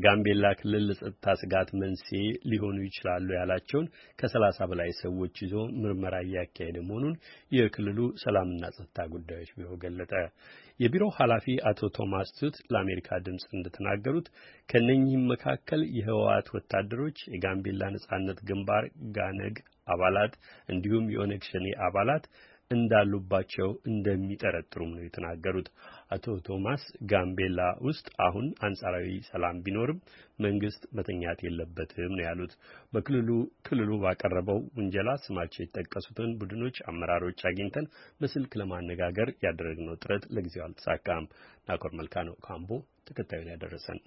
በጋምቤላ ክልል ለጸጥታ ስጋት መንስኤ ሊሆኑ ይችላሉ ያላቸውን ከሰላሳ በላይ ሰዎች ይዞ ምርመራ እያካሄደ መሆኑን የክልሉ ሰላምና ጸጥታ ጉዳዮች ቢሮ ገለጠ። የቢሮው ኃላፊ አቶ ቶማስ ቱት ለአሜሪካ ድምፅ እንደተናገሩት ከእነኚህም መካከል የህወሓት ወታደሮች፣ የጋምቤላ ነጻነት ግንባር ጋነግ አባላት እንዲሁም የኦነግ ሸኔ አባላት እንዳሉባቸው እንደሚጠረጥሩም ነው የተናገሩት። አቶ ቶማስ ጋምቤላ ውስጥ አሁን አንጻራዊ ሰላም ቢኖርም መንግስት መተኛት የለበትም ነው ያሉት። በክልሉ ክልሉ ባቀረበው ውንጀላ ስማቸው የተጠቀሱትን ቡድኖች አመራሮች አግኝተን በስልክ ለማነጋገር ያደረግነው ጥረት ለጊዜው አልተሳካም። ናኮር መልካ ነው ካምቦ ተከታዩን ያደረሰን።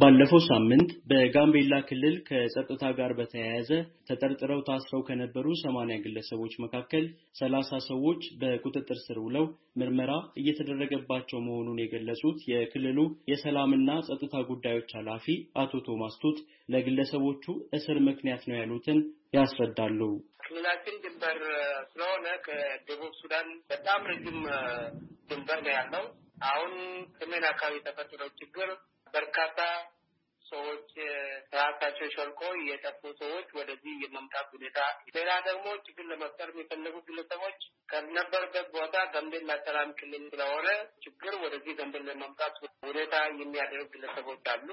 ባለፈው ሳምንት በጋምቤላ ክልል ከጸጥታ ጋር በተያያዘ ተጠርጥረው ታስረው ከነበሩ ሰማንያ ግለሰቦች መካከል ሰላሳ ሰዎች በቁጥጥር ስር ውለው ምርመራ እየተደረገባቸው መሆኑን የገለጹት የክልሉ የሰላምና ጸጥታ ጉዳዮች ኃላፊ አቶ ቶማስ ቱት ለግለሰቦቹ እስር ምክንያት ነው ያሉትን ያስረዳሉ። ክልላችን ድንበር ስለሆነ ከደቡብ ሱዳን በጣም ረጅም ድንበር ነው ያለው። አሁን ሰሜን አካባቢ የተፈጠረው ችግር በርካታ ሰዎች ራሳቸው ሸልቆ የጠፉ ሰዎች ወደዚህ የመምጣት ሁኔታ፣ ሌላ ደግሞ ችግር ለመፍጠር የሚፈለጉ ግለሰቦች ከነበርበት ቦታ ጋምቤላ ሰላም ክልል ስለሆነ ችግር ወደዚህ ጋምቤላ ለመምጣት ሁኔታ የሚያደርግ ግለሰቦች አሉ።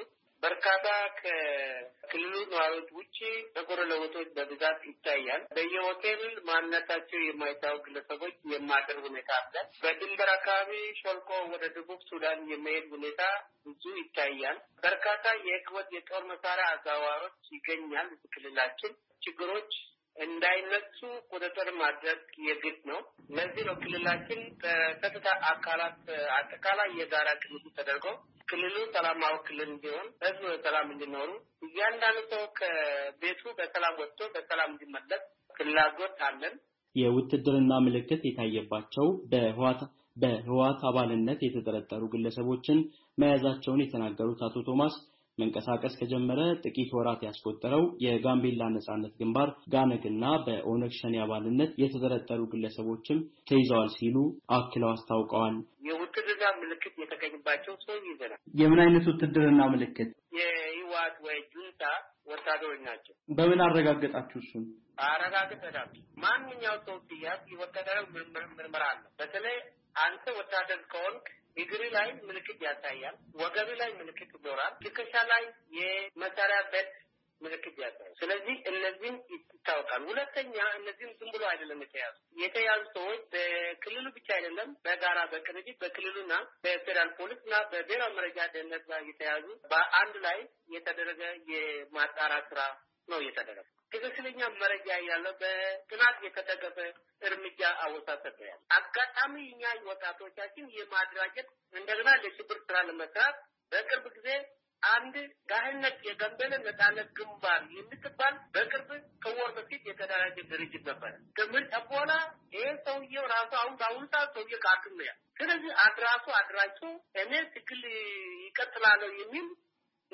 በርካታ ከክልሉ ነዋሪዎች ውጭ ጥቁር ለውጦች በብዛት ይታያል። በየሆቴል ማንነታቸው የማይታወቅ ግለሰቦች የማደር ሁኔታ አለ። በድንበር አካባቢ ሾልኮ ወደ ደቡብ ሱዳን የመሄድ ሁኔታ ብዙ ይታያል። በርካታ የህገወጥ የጦር መሳሪያ አዛዋሮች ይገኛል። ክልላችን ችግሮች እንዳይነሱ ቁጥጥር ማድረግ የግድ ነው። ለዚህ ነው ክልላችን ከጸጥታ አካላት አጠቃላይ የጋራ ቅንጅት ተደርገው ክልሉ ሰላማዊ ክልል እንዲሆን ህዝብ በሰላም እንዲኖሩ እያንዳንዱ ሰው ከቤቱ በሰላም ወጥቶ በሰላም እንዲመለስ ፍላጎት አለን። የውትድርና ምልክት የታየባቸው በህወሓት አባልነት የተጠረጠሩ ግለሰቦችን መያዛቸውን የተናገሩት አቶ ቶማስ መንቀሳቀስ ከጀመረ ጥቂት ወራት ያስቆጠረው የጋምቤላ ነጻነት ግንባር ጋነግና በኦነግ ሸኔ አባልነት የተጠረጠሩ ግለሰቦችም ተይዘዋል ሲሉ አክለው አስታውቀዋል። የፕሮግራም ምልክት የተገኝባቸው ሰው ይዘናል። የምን አይነት ውትድርና ምልክት? የህወሓት ወይ ጁንታ ወታደሮች ናቸው። በምን አረጋገጣችሁ? እሱን አረጋግጠናል። ማንኛው ሰው ሲያዝ የወታደራዊ ምርመራ አለ። በተለይ አንተ ወታደር ከሆንክ እግር ላይ ምልክት ያሳያል፣ ወገብ ላይ ምልክት ይኖራል፣ ትከሻ ላይ የመሳሪያ በት ምልክት ያሳያል። ስለዚህ እነዚህም ይታወቃል። ሁለተኛ እነዚህም ዝም ብሎ አይደለም የተያዙ የተያዙ ሰዎች በክልሉ ብቻ አይደለም በጋራ በቅንጅት በክልሉና በፌዴራል ፖሊስ እና በብሔራዊ መረጃ ደህንነት ጋር የተያዙ በአንድ ላይ የተደረገ የማጣራት ስራ ነው እየተደረገ ትክክለኛ መረጃ ያለው በጥናት የተደገፈ እርምጃ አወሳሰብ ያለ አጋጣሚ እኛ ወጣቶቻችን የማደራጀት እንደገና ለሽብር ስራ ለመስራት በቅርብ ጊዜ አንድ ጋህነት የገንበለ ነጻነት ግንባር የምትባል በቅርብ ከወር በፊት የተደራጀ ድርጅት ነበረ። ትምህርት ተቦላ ይህ ሰውዬው ራሱ አሁን በአሁኑ ሰዓት ሰውዬ ካክም ያ ስለዚህ አድራሱ አድራጩ እኔ ትግል ይቀጥላለሁ የሚል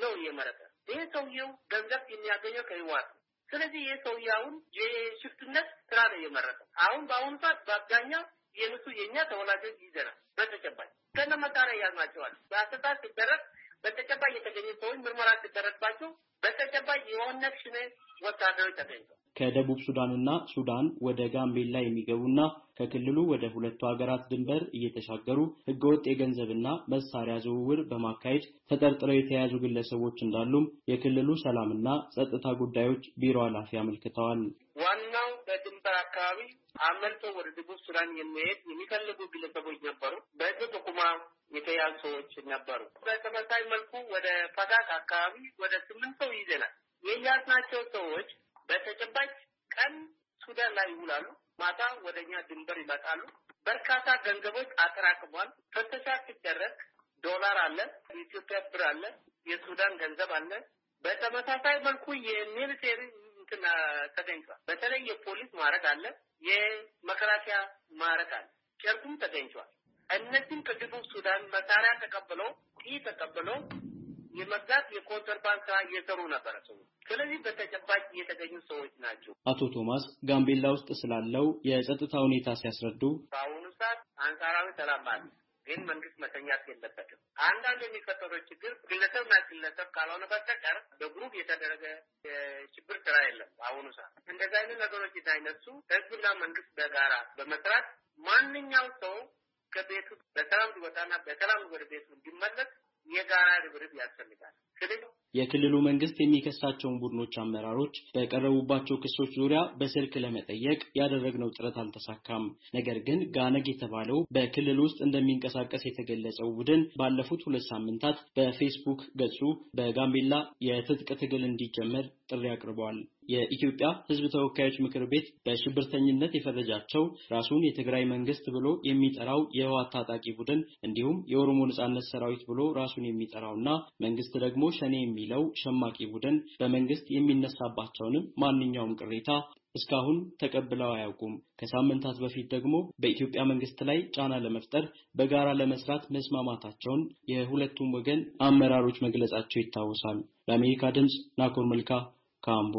ነው እየመረጠ ይህ ሰውዬው ገንዘብ የሚያገኘው ከህዋት ስለዚህ ይህ ሰውዬ አሁን የሽፍትነት ስራ ነው እየመረጠ አሁን በአሁኑ ሰዓት በአብዛኛው የንሱ የእኛ ተወላጆች ይዘናል። በተጨባጭ ከነ መሳሪያ ያዝናቸዋል። በአሰሳት ሲደረግ በተጨባጭ የተገኘ ሰዎች ምርመራ ሲደረግባቸው በተጨባጭ የኦነግ ሸኔ ወታደሮች ተገኝተዋል። ከደቡብ ሱዳንና ሱዳን ወደ ጋምቤላ የሚገቡና ከክልሉ ወደ ሁለቱ ሀገራት ድንበር እየተሻገሩ ህገወጥ የገንዘብና መሳሪያ ዝውውር በማካሄድ ተጠርጥረው የተያዙ ግለሰቦች እንዳሉም የክልሉ ሰላምና ጸጥታ ጉዳዮች ቢሮ ኃላፊ አመልክተዋል። አመልጦ ወደ ደቡብ ሱዳን የሚሄድ የሚፈልጉ ግለሰቦች ነበሩ። በህገ ጥቁማ የተያዙ ሰዎች ነበሩ። በተመሳይ መልኩ ወደ ፈጋት አካባቢ ወደ ስምንት ሰው ይዘናል። የያዝናቸው ሰዎች በተጨባጭ ቀን ሱዳን ላይ ይውላሉ፣ ማታ ወደኛ ድንበር ይመጣሉ። በርካታ ገንዘቦች አጠራቅሟል። ፍተሻ ሲደረግ ዶላር አለ፣ የኢትዮጵያ ብር አለ፣ የሱዳን ገንዘብ አለ። በተመሳሳይ መልኩ የሚሊቴሪ ለውጥ ተገኝቷል። በተለይ የፖሊስ ማዕረግ አለ፣ የመከላከያ ማዕረግ አለ፣ ጨርቁም ተገኝቷል። እነዚህም ከደቡብ ሱዳን መሳሪያ ተቀብለው ጥይት ተቀብለው የመግዛት የኮንትርባንድ ስራ እየሰሩ ነበረ ሰው። ስለዚህ በተጨባጭ የተገኙ ሰዎች ናቸው። አቶ ቶማስ ጋምቤላ ውስጥ ስላለው የጸጥታ ሁኔታ ሲያስረዱ በአሁኑ ሰዓት አንጻራዊ ሰላም አለ። ግን መንግስት መተኛት የለበትም። አንዳንድ የሚፈጠረው ችግር ግለሰብና ግለሰብ ካልሆነ በስተቀር በግሩፕ የተደረገ ችግር ስራ የለም። በአሁኑ ሰዓት እንደዚህ አይነት ነገሮች የታይነሱ ህዝብና መንግስት በጋራ በመስራት ማንኛው ሰው ከቤቱ በሰላም ሊወጣና በሰላም ወደ ቤቱ እንዲመለስ የጋራ ርብርብ ያስፈልጋል። የክልሉ መንግስት የሚከሳቸውን ቡድኖች አመራሮች በቀረቡባቸው ክሶች ዙሪያ በስልክ ለመጠየቅ ያደረግነው ጥረት አልተሳካም። ነገር ግን ጋነግ የተባለው በክልል ውስጥ እንደሚንቀሳቀስ የተገለጸው ቡድን ባለፉት ሁለት ሳምንታት በፌስቡክ ገጹ በጋምቤላ የትጥቅ ትግል እንዲጀመር ጥሪ አቅርበዋል። የኢትዮጵያ ሕዝብ ተወካዮች ምክር ቤት በሽብርተኝነት የፈረጃቸው ራሱን የትግራይ መንግስት ብሎ የሚጠራው የህወሓት ታጣቂ ቡድን እንዲሁም የኦሮሞ ነጻነት ሰራዊት ብሎ ራሱን የሚጠራውና መንግስት ደግሞ ሸኔ የሚለው ሸማቂ ቡድን በመንግስት የሚነሳባቸውንም ማንኛውም ቅሬታ እስካሁን ተቀብለው አያውቁም። ከሳምንታት በፊት ደግሞ በኢትዮጵያ መንግስት ላይ ጫና ለመፍጠር በጋራ ለመስራት መስማማታቸውን የሁለቱም ወገን አመራሮች መግለጻቸው ይታወሳል። ለአሜሪካ ድምፅ ናኮር መልካ ካምቦ